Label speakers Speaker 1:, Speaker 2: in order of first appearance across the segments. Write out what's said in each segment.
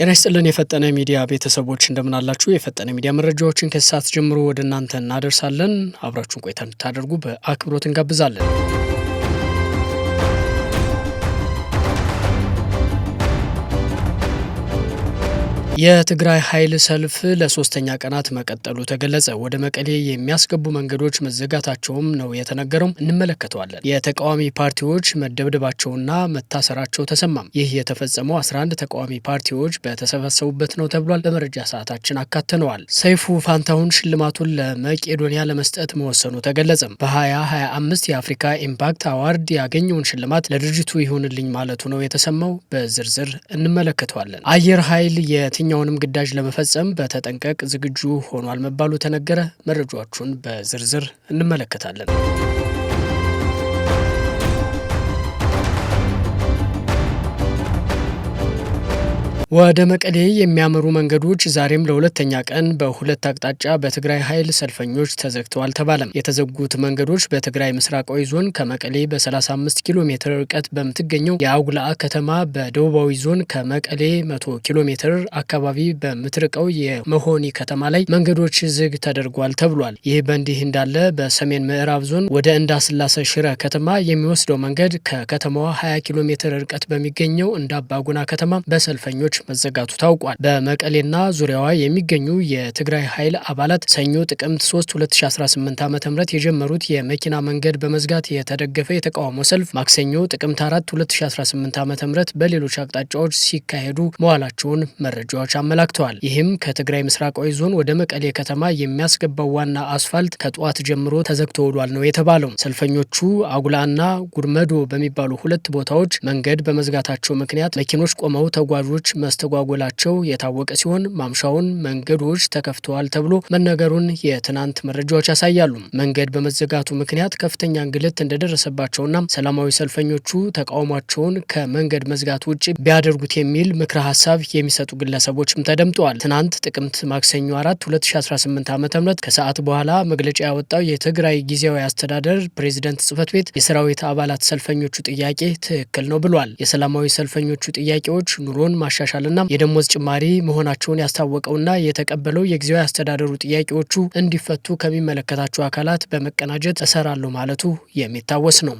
Speaker 1: ጤና ይስጥልን የፈጠነ ሚዲያ ቤተሰቦች እንደምናላችሁ። የፈጠነ ሚዲያ መረጃዎችን ከሰዓት ጀምሮ ወደ እናንተ እናደርሳለን። አብራችሁን ቆይታ እንድታደርጉ በአክብሮት እንጋብዛለን። የትግራይ ኃይል ሰልፍ ለሶስተኛ ቀናት መቀጠሉ ተገለጸ። ወደ መቀሌ የሚያስገቡ መንገዶች መዘጋታቸውም ነው የተነገረው። እንመለከተዋለን። የተቃዋሚ ፓርቲዎች መደብደባቸውና መታሰራቸው ተሰማም። ይህ የተፈጸመው 11 ተቃዋሚ ፓርቲዎች በተሰበሰቡበት ነው ተብሏል። በመረጃ ሰዓታችን አካተነዋል። ሰይፉ ፋንታሁን ሽልማቱን ለመቄዶንያ ለመስጠት መወሰኑ ተገለጸም። በ2025 የአፍሪካ ኢምፓክት አዋርድ ያገኘውን ሽልማት ለድርጅቱ ይሁንልኝ ማለቱ ነው የተሰማው። በዝርዝር እንመለከተዋለን። አየር ኃይል የትኛ የትኛውንም ግዳጅ ለመፈጸም በተጠንቀቅ ዝግጁ ሆኗል መባሉ ተነገረ። መረጃዎቹን በዝርዝር እንመለከታለን። ወደ መቀሌ የሚያመሩ መንገዶች ዛሬም ለሁለተኛ ቀን በሁለት አቅጣጫ በትግራይ ኃይል ሰልፈኞች ተዘግተዋል ተባለም። የተዘጉት መንገዶች በትግራይ ምስራቃዊ ዞን ከመቀሌ በ35 ኪሎ ሜትር ርቀት በምትገኘው የአጉላአ ከተማ፣ በደቡባዊ ዞን ከመቀሌ 100 ኪሎ ሜትር አካባቢ በምትርቀው የመሆኒ ከተማ ላይ መንገዶች ዝግ ተደርጓል ተብሏል። ይህ በእንዲህ እንዳለ በሰሜን ምዕራብ ዞን ወደ እንዳስላሰ ሽረ ከተማ የሚወስደው መንገድ ከከተማዋ 20 ኪሎ ሜትር ርቀት በሚገኘው እንዳባጉና ከተማ በሰልፈኞች መዘጋቱ ታውቋል። በመቀሌና ዙሪያዋ የሚገኙ የትግራይ ኃይል አባላት ሰኞ ጥቅምት 3 2018 ዓ ም የጀመሩት የመኪና መንገድ በመዝጋት የተደገፈ የተቃውሞ ሰልፍ ማክሰኞ ጥቅምት 4 2018 ዓ ም በሌሎች አቅጣጫዎች ሲካሄዱ መዋላቸውን መረጃዎች አመላክተዋል። ይህም ከትግራይ ምስራቃዊ ዞን ወደ መቀሌ ከተማ የሚያስገባው ዋና አስፋልት ከጠዋት ጀምሮ ተዘግቶ ውሏል ነው የተባለው። ሰልፈኞቹ አጉላና ጉርመዶ በሚባሉ ሁለት ቦታዎች መንገድ በመዝጋታቸው ምክንያት መኪኖች ቆመው ተጓዦች መስተጓጎላቸው የታወቀ ሲሆን ማምሻውን መንገዶች ተከፍተዋል ተብሎ መነገሩን የትናንት መረጃዎች ያሳያሉ። መንገድ በመዘጋቱ ምክንያት ከፍተኛ እንግልት እንደደረሰባቸውና ሰላማዊ ሰልፈኞቹ ተቃውሟቸውን ከመንገድ መዝጋት ውጭ ቢያደርጉት የሚል ምክረ ሀሳብ የሚሰጡ ግለሰቦችም ተደምጠዋል። ትናንት ጥቅምት ማክሰኞ 4 2018 ዓ ም ከሰዓት በኋላ መግለጫ ያወጣው የትግራይ ጊዜያዊ አስተዳደር ፕሬዚደንት ጽህፈት ቤት የሰራዊት አባላት ሰልፈኞቹ ጥያቄ ትክክል ነው ብሏል። የሰላማዊ ሰልፈኞቹ ጥያቄዎች ኑሮን ማሻሻል ማሻሻልና የደሞዝ ጭማሪ መሆናቸውን ያስታወቀውና የተቀበለው የጊዜያዊ አስተዳደሩ ጥያቄዎቹ እንዲፈቱ ከሚመለከታቸው አካላት በመቀናጀት እሰራለሁ ማለቱ የሚታወስ ነው።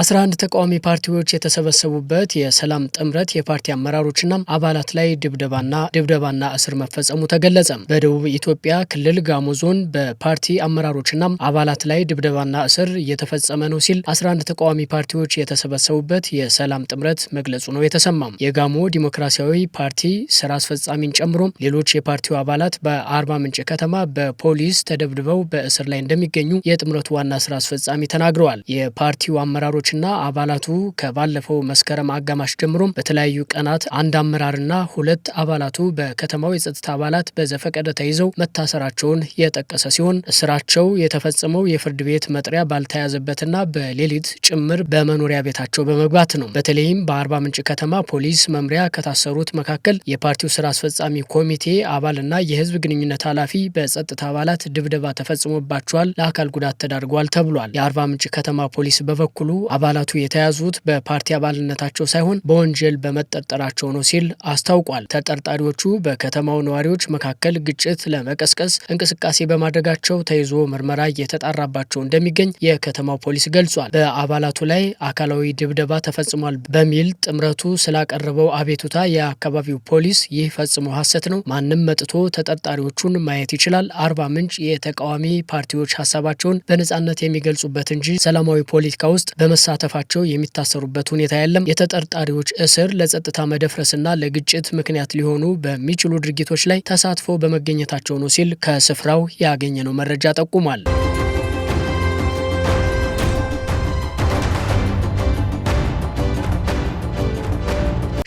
Speaker 1: 11 ተቃዋሚ ፓርቲዎች የተሰበሰቡበት የሰላም ጥምረት የፓርቲ አመራሮችና አባላት ላይ ድብደባና ድብደባና እስር መፈጸሙ ተገለጸ። በደቡብ ኢትዮጵያ ክልል ጋሞ ዞን በፓርቲ አመራሮችና አባላት ላይ ድብደባና እስር እየተፈጸመ ነው ሲል 11 ተቃዋሚ ፓርቲዎች የተሰበሰቡበት የሰላም ጥምረት መግለጹ ነው የተሰማም። የጋሞ ዲሞክራሲያዊ ፓርቲ ስራ አስፈጻሚን ጨምሮ ሌሎች የፓርቲው አባላት በአርባ ምንጭ ከተማ በፖሊስ ተደብድበው በእስር ላይ እንደሚገኙ የጥምረቱ ዋና ስራ አስፈጻሚ ተናግረዋል። የፓርቲው አመራሮች ኃላፊዎችና አባላቱ ከባለፈው መስከረም አጋማሽ ጀምሮም በተለያዩ ቀናት አንድ አመራርና ሁለት አባላቱ በከተማው የጸጥታ አባላት በዘፈቀደ ተይዘው መታሰራቸውን የጠቀሰ ሲሆን እስራቸው የተፈጸመው የፍርድ ቤት መጥሪያ ባልተያዘበትና በሌሊት ጭምር በመኖሪያ ቤታቸው በመግባት ነው። በተለይም በአርባ ምንጭ ከተማ ፖሊስ መምሪያ ከታሰሩት መካከል የፓርቲው ስራ አስፈጻሚ ኮሚቴ አባልና የህዝብ ግንኙነት ኃላፊ በጸጥታ አባላት ድብደባ ተፈጽሞባቸዋል፣ ለአካል ጉዳት ተዳርገዋል ተብሏል። የአርባ ምንጭ ከተማ ፖሊስ በበኩሉ አባላቱ የተያዙት በፓርቲ አባልነታቸው ሳይሆን በወንጀል በመጠርጠራቸው ነው ሲል አስታውቋል። ተጠርጣሪዎቹ በከተማው ነዋሪዎች መካከል ግጭት ለመቀስቀስ እንቅስቃሴ በማድረጋቸው ተይዞ ምርመራ እየተጣራባቸው እንደሚገኝ የከተማው ፖሊስ ገልጿል። በአባላቱ ላይ አካላዊ ድብደባ ተፈጽሟል በሚል ጥምረቱ ስላቀረበው አቤቱታ የአካባቢው ፖሊስ ይህ ፈጽሞ ሐሰት ነው፣ ማንም መጥቶ ተጠርጣሪዎቹን ማየት ይችላል፣ አርባ ምንጭ የተቃዋሚ ፓርቲዎች ሀሳባቸውን በነጻነት የሚገልጹበት እንጂ ሰላማዊ ፖለቲካ ውስጥ በመ በመሳተፋቸው የሚታሰሩበት ሁኔታ የለም። የተጠርጣሪዎች እስር ለጸጥታ መደፍረስና ለግጭት ምክንያት ሊሆኑ በሚችሉ ድርጊቶች ላይ ተሳትፎ በመገኘታቸው ነው ሲል ከስፍራው ያገኘነው መረጃ ጠቁሟል።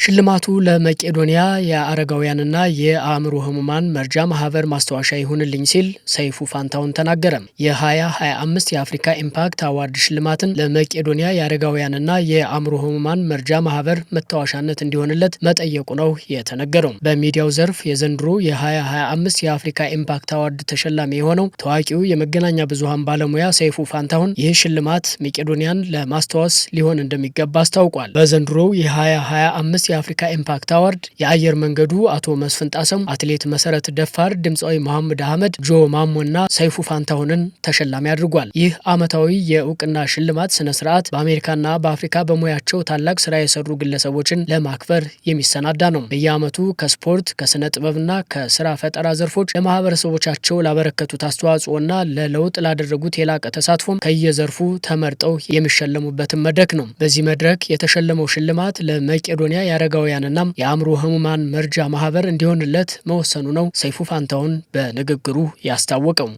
Speaker 1: ሽልማቱ ለመቄዶንያ የአረጋውያንና የአእምሮ ህሙማን መርጃ ማህበር ማስታወሻ ይሁንልኝ ሲል ሰይፉ ፋንታውን ተናገረ። የ2025 የአፍሪካ ኢምፓክት አዋርድ ሽልማትን ለመቄዶንያ የአረጋውያንና የአእምሮ ህሙማን መርጃ ማህበር መታወሻነት እንዲሆንለት መጠየቁ ነው የተነገረው። በሚዲያው ዘርፍ የዘንድሮ የ2025 የአፍሪካ ኢምፓክት አዋርድ ተሸላሚ የሆነው ታዋቂው የመገናኛ ብዙሀን ባለሙያ ሰይፉ ፋንታውን ይህ ሽልማት መቄዶንያን ለማስታወስ ሊሆን እንደሚገባ አስታውቋል። በዘንድሮ የ2025 የ2025 የአፍሪካ ኢምፓክት አዋርድ የአየር መንገዱ አቶ መስፍን ጣሰም፣ አትሌት መሰረት ደፋር፣ ድምፃዊ መሐመድ አህመድ፣ ጆ ማሞና ሰይፉ ፋንታሁንን ተሸላሚ አድርጓል። ይህ አመታዊ የእውቅና ሽልማት ስነ ስርዓት በአሜሪካና በአፍሪካ በሙያቸው ታላቅ ስራ የሰሩ ግለሰቦችን ለማክበር የሚሰናዳ ነው። በየአመቱ ከስፖርት ከስነ ጥበብና ከስራ ፈጠራ ዘርፎች ለማህበረሰቦቻቸው ላበረከቱት አስተዋጽኦና ለለውጥ ላደረጉት የላቀ ተሳትፎም ከየዘርፉ ተመርጠው የሚሸለሙበትን መድረክ ነው። በዚህ መድረክ የተሸለመው ሽልማት ለመቄዶንያ ያረ የአረጋውያንና የአእምሮ ህሙማን መርጃ ማህበር እንዲሆንለት መወሰኑ ነው ሰይፉ ፋንታውን በንግግሩ ያስታወቀው።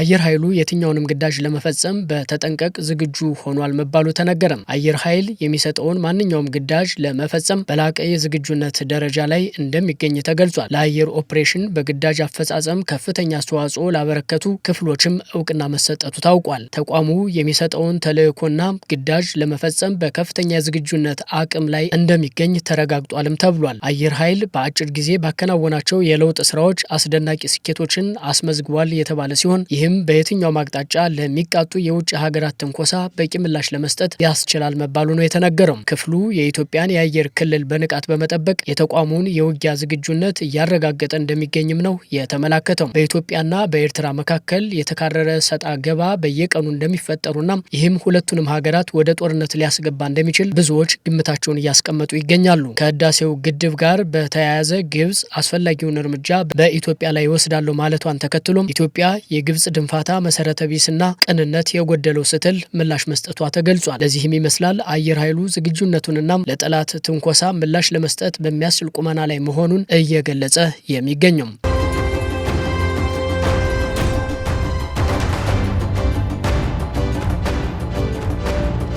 Speaker 1: አየር ኃይሉ የትኛውንም ግዳጅ ለመፈጸም በተጠንቀቅ ዝግጁ ሆኗል መባሉ ተነገረም። አየር ኃይል የሚሰጠውን ማንኛውም ግዳጅ ለመፈጸም በላቀ የዝግጁነት ደረጃ ላይ እንደሚገኝ ተገልጿል። ለአየር ኦፕሬሽን በግዳጅ አፈጻጸም ከፍተኛ አስተዋጽኦ ላበረከቱ ክፍሎችም እውቅና መሰጠቱ ታውቋል። ተቋሙ የሚሰጠውን ተልዕኮና ግዳጅ ለመፈጸም በከፍተኛ የዝግጁነት አቅም ላይ እንደሚገኝ ተረጋግጧልም ተብሏል። አየር ኃይል በአጭር ጊዜ ባከናወናቸው የለውጥ ስራዎች አስደናቂ ስኬቶችን አስመዝግቧል የተባለ ሲሆን ይህ ይህም በየትኛውም አቅጣጫ ለሚቃጡ የውጭ ሀገራት ትንኮሳ በቂ ምላሽ ለመስጠት ያስችላል መባሉ ነው የተነገረው። ክፍሉ የኢትዮጵያን የአየር ክልል በንቃት በመጠበቅ የተቋሙን የውጊያ ዝግጁነት እያረጋገጠ እንደሚገኝም ነው የተመላከተው። በኢትዮጵያና በኤርትራ መካከል የተካረረ ሰጣ ገባ በየቀኑ እንደሚፈጠሩና ይህም ሁለቱንም ሀገራት ወደ ጦርነት ሊያስገባ እንደሚችል ብዙዎች ግምታቸውን እያስቀመጡ ይገኛሉ። ከህዳሴው ግድብ ጋር በተያያዘ ግብጽ አስፈላጊውን እርምጃ በኢትዮጵያ ላይ ይወስዳለሁ ማለቷን ተከትሎም ኢትዮጵያ የግብጽ ድንፋታ፣ መሰረተ ቢስና ቅንነት የጎደለው ስትል ምላሽ መስጠቷ ተገልጿል። ለዚህም ይመስላል አየር ኃይሉ ዝግጁነቱንና ለጠላት ትንኮሳ ምላሽ ለመስጠት በሚያስችል ቁመና ላይ መሆኑን እየገለጸ የሚገኘው።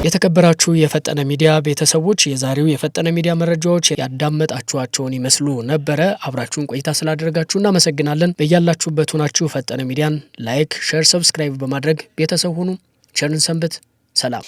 Speaker 1: የተከበራችሁ የፈጠነ ሚዲያ ቤተሰቦች የዛሬው የፈጠነ ሚዲያ መረጃዎች ያዳመጣችኋቸውን ይመስሉ ነበረ። አብራችሁን ቆይታ ስላደረጋችሁ እናመሰግናለን። በያላችሁበት ሆናችሁ ፈጠነ ሚዲያን ላይክ፣ ሼር፣ ሰብስክራይብ በማድረግ ቤተሰብ ሁኑ። ቸርን ሰንብት። ሰላም